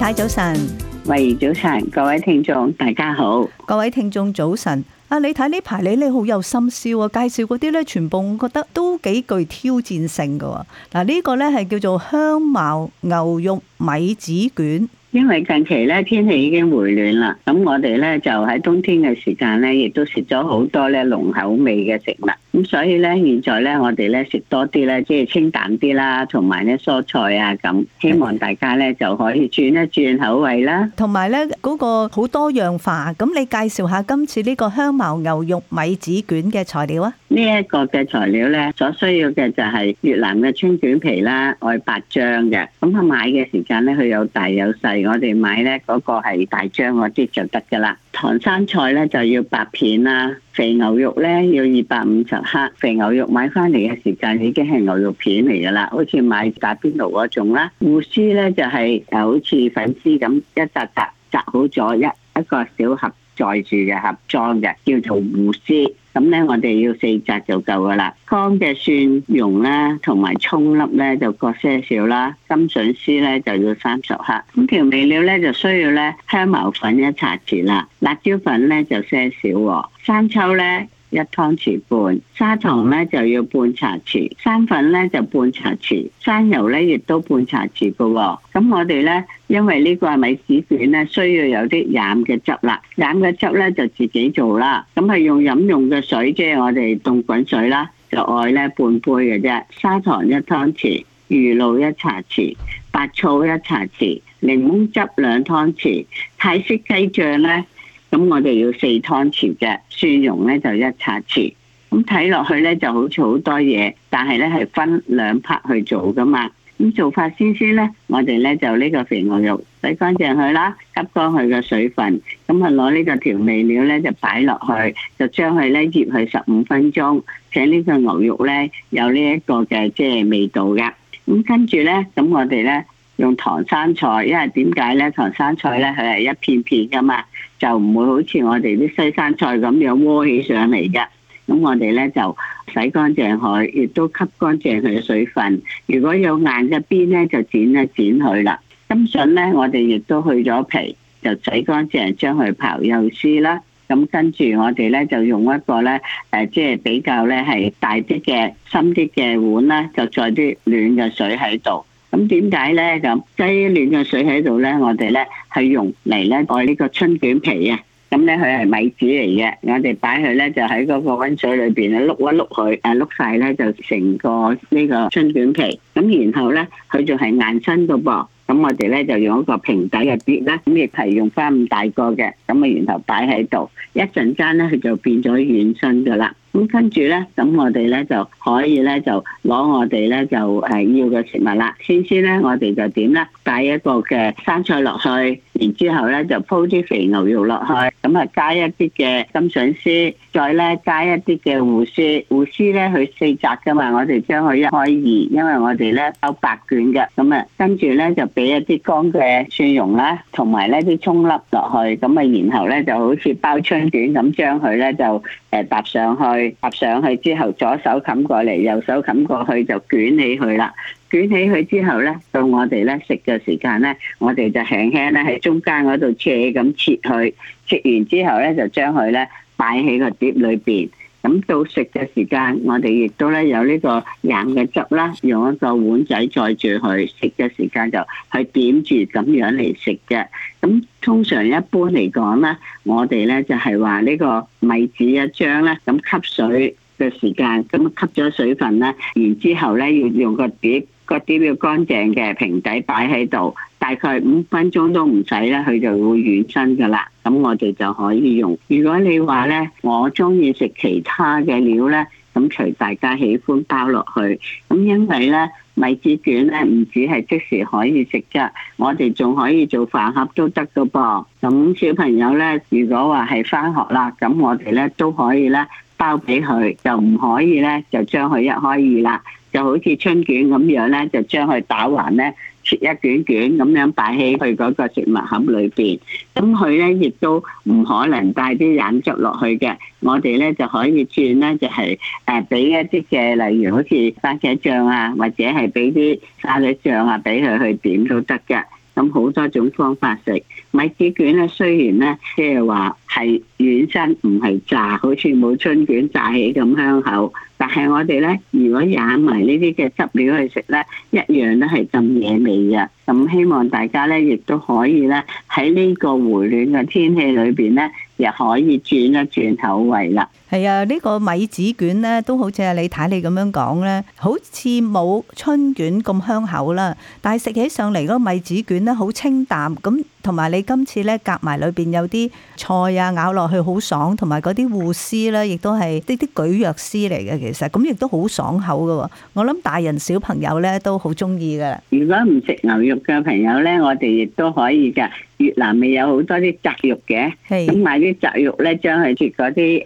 睇早晨，喂，早晨，各位聽眾大家好，各位聽眾早晨。阿你睇呢排你咧好有心思介紹嗰啲咧全部我覺得都幾具挑戰性噶。嗱、這、呢個咧係叫做香茅牛肉米紙卷。因為近期咧天氣已經回暖啦，咁我哋咧就喺冬天嘅時間咧，亦都食咗好多咧濃口味嘅食物，咁所以咧現在咧我哋咧食多啲咧即係清淡啲啦，同埋咧蔬菜啊咁，希望大家咧就可以轉一轉口味啦。同埋咧嗰個好多樣化，咁你介紹下今次呢個香茅牛肉米紙卷嘅材料啊？呢一個嘅材料呢，所需要嘅就係越南嘅春卷皮啦，外八張嘅。咁佢買嘅時間呢，佢有大有細，我哋買呢嗰、嗰個係大張嗰啲就得噶啦。唐生菜呢，就要白片啦，肥牛肉呢，要二百五十克，肥牛肉買翻嚟嘅時間已經係牛肉片嚟噶啦，好似買打邊爐嗰種啦。芋絲呢，就係、係、好似粉絲咁一扎扎紮好咗一一個小盒載住嘅盒裝嘅，叫做芋絲。咁咧，我哋要四隻就夠噶啦。乾嘅蒜蓉咧，同埋蔥粒咧，就各些少啦。金筍絲咧，就要三十克。咁調味料咧，就需要咧香茅粉一茶匙啦，辣椒粉咧就些少，生抽咧。一湯匙半，砂糖咧就要半茶匙，生粉咧就半茶匙，生油咧亦都半茶匙㗎喎、哦。咁我哋咧，因為個呢個係米紙卷咧，需要有啲染嘅汁啦，染嘅汁咧就自己做啦。咁係用飲用嘅水即啫，就是、我哋凍滾水啦，就愛咧半杯嘅啫。砂糖一湯匙，魚露一茶匙，白醋一茶匙，檸檬汁兩湯匙，泰式雞醬咧。咁我哋要四湯匙嘅蒜蓉咧就一茶匙。咁睇落去咧就好似好多嘢，但係咧係分兩 part 去做噶嘛。咁做法先先咧，我哋咧就呢個肥牛肉洗乾淨佢啦，吸乾佢嘅水分，咁啊攞呢個調味料咧就擺落去，就將佢咧醃佢十五分鐘，使呢個牛肉咧有呢一個嘅即係味道㗎。咁跟住咧，咁我哋咧。用唐生菜，因為點解咧？唐生菜咧，佢係一片片噶嘛，就唔會好似我哋啲西生菜咁樣攞起上嚟嘅。咁我哋咧就洗乾淨佢，亦都吸乾淨佢嘅水分。如果有硬嘅邊咧，就剪一剪佢啦。甘筍咧，我哋亦都去咗皮，就洗乾淨，將佢刨幼絲啦。咁跟住我哋咧就用一個咧誒，即係比較咧係大啲嘅、深啲嘅碗啦，就再啲暖嘅水喺度。咁點解咧？咁雞暖嘅水喺度咧，我哋咧係用嚟咧我呢個春卷皮啊。咁咧佢係米紙嚟嘅，我哋擺佢咧就喺嗰個温水裏邊咧碌一碌佢，誒碌晒咧就成個呢個春卷皮。咁然後咧佢仲係硬身嘅噃，咁我哋咧就用一個平底嘅碟咧，咁亦係用翻咁大個嘅，咁啊然後擺喺度，一陣間咧佢就變咗軟身嘅啦。咁跟住咧，咁我哋咧就可以咧就攞我哋咧就係要嘅食物啦。先先咧，我哋就點咧，帶一個嘅生菜落去，然之後咧就鋪啲肥牛肉落去，咁啊加一啲嘅金筍絲，再咧加一啲嘅胡絲。胡絲咧佢四紮噶嘛，我哋將佢一開二，因為我哋咧包白卷嘅，咁啊跟住咧就俾一啲乾嘅蒜蓉啦，同埋呢啲葱粒落去，咁啊然後咧就好似包春卷咁將佢咧就。誒搭上去，搭上去之後，左手冚過嚟，右手冚過去，就捲起佢啦。捲起佢之後咧，到我哋咧食嘅時間咧，我哋就輕輕咧喺中間嗰度斜咁切佢。切完之後咧就將佢咧擺喺個碟裏邊。咁到食嘅時間，我哋亦都咧有呢個硬嘅汁啦，用一個碗仔載住佢。食嘅時間就去點住咁樣嚟食嘅。咁通常一般嚟講咧，我哋咧就係話呢個米紙一張咧，咁吸水嘅時間，咁吸咗水分啦，然之後咧要用個碟，個碟要乾淨嘅瓶仔擺喺度。大概五分鐘都唔使咧，佢就會軟身噶啦。咁我哋就可以用。如果你話咧，我中意食其他嘅料咧，咁隨大家喜歡包落去。咁因為咧，米紙卷咧唔止係即時可以食啫，我哋仲可以做飯盒都得噶噃。咁小朋友咧，如果話係翻學啦，咁我哋咧都可以咧包俾佢，就唔可以咧就將佢一開二啦。就好似春卷咁樣咧，就將佢打橫咧。切一卷卷咁樣擺喺佢嗰個食物盒裏邊，咁佢咧亦都唔可能帶啲眼汁落去嘅。我哋咧就可以轉咧，就係誒俾一啲嘅，例如好似番茄醬啊，或者係俾啲沙律醬啊，俾佢去點都得嘅。咁好多種方法食米紙卷咧，雖然咧即係話係軟身，唔係炸，好似冇春卷炸起咁香口。係我哋咧，如果攬埋呢啲嘅汁料去食咧，一樣都係咁嘢味嘅。咁希望大家咧，亦都可以咧喺呢個回暖嘅天氣裏邊咧。又可以轉一轉口味啦。係啊，呢個米紙卷咧都好似啊，你睇你咁樣講咧，好似冇春卷咁香口啦。但係食起上嚟嗰米紙卷咧好清淡，咁同埋你今次咧夾埋裏邊有啲菜啊，咬落去好爽，同埋嗰啲餈絲咧亦都係啲啲蒟蒻絲嚟嘅，其實咁亦都好爽口㗎。我諗大人小朋友咧都好中意㗎啦。如果唔食牛肉嘅朋友咧，我哋亦都可以㗎。越南咪有好多啲雜肉嘅，咁買啲。紮肉咧，將佢切嗰啲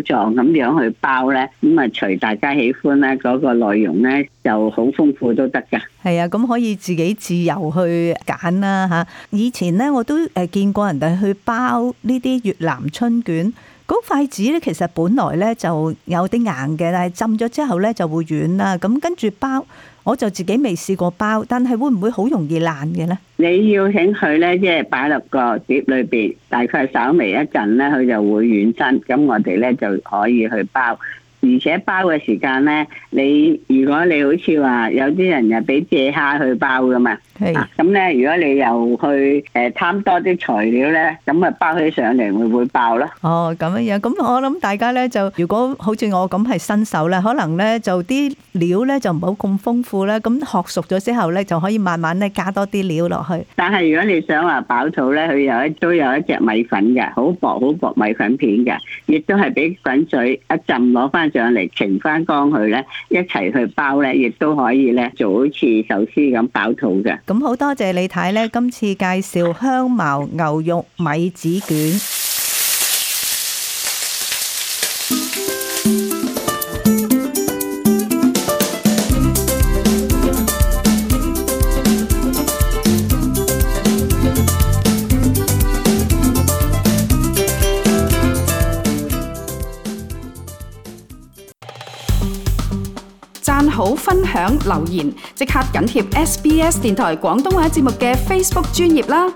誒條狀咁樣去包咧，咁啊隨大家喜歡咧，嗰個內容咧就好豐富都得㗎。係啊，咁可以自己自由去揀啦嚇。以前咧我都誒見過人哋去包呢啲越南春卷。嗰筷子咧，其實本來咧就有啲硬嘅，但係浸咗之後咧就會軟啦。咁跟住包，我就自己未試過包，但係會唔會好容易爛嘅咧？你要請佢咧，即係擺落個碟裏邊，大概稍微一陣咧，佢就會軟身。咁我哋咧就可以去包。而且包嘅時間呢，你如果你好似話有啲人又俾借蝦去包㗎嘛，咁呢如果你又去誒貪多啲材料呢，咁啊包起上嚟會唔會爆咯？哦，咁樣樣，咁我諗大家呢就，如果好似我咁係新手呢，可能呢就啲料呢就冇咁豐富啦，咁學熟咗之後呢就可以慢慢呢加多啲料落去。但係如果你想話飽肚呢，佢有一都有一隻米粉嘅，好薄好薄米粉片嘅，亦都係俾滾水一浸攞返。上嚟呈翻光去咧，一齊去包咧，亦都可以咧，做好似壽司咁飽肚嘅。咁好多謝李太咧，今次介紹香茅牛肉米紙卷。好，分享留言，即刻緊貼 SBS 電台廣東話節目嘅 Facebook 專頁啦！